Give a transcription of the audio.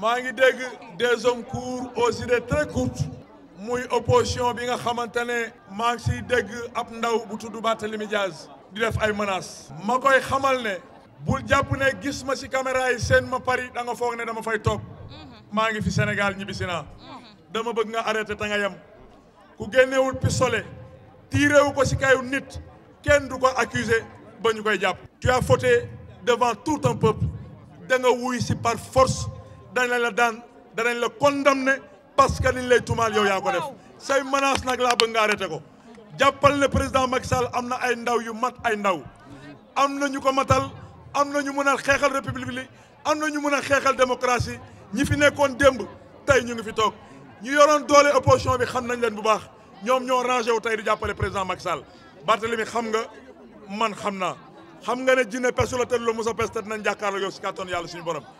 maa ngi dégg des hommes courts aux idées très courtes muy opposition bi nga xamante ne maa ngi siy dégg ab ndaw bu tudd Barthélémy Dias di def ay menaces. ma koy xamal ne bul jàpp ne gis ma si caméra yi seen ma Paris da nga foog ne dama fay toog maa ngi fi Sénégal ñibbisi naa dama bëgg nga arrêté ta nga yem ku génnewul pistolet tiré ko si kayu nit kenn du ko accusé ba ñu koy jàpp. tu as devant tout un peuple da wuy si par force. danañ la daan danañ la kon condamné parce que liñ lay tumaal yow yaa ko def say menace nag laa bëgg nga arrêté ko jàppal ne président Macky Sall am na ay ndaw yu mat ay ndaw am na ñu ko matal am na ñu mun a xeexal république bi am na ñu mun a xeexal démocratie ñi fi nekkoon démb tey ñu ngi fi toog ñu yoroon doole opposition bi xam nañ leen bu baax ñoom ñoo rangé wu tey di jàppale président Macky Sall Barthélemy xam nga man xam naa xam nga ne jinne pesu la te lu a pes te yàlla suñu borom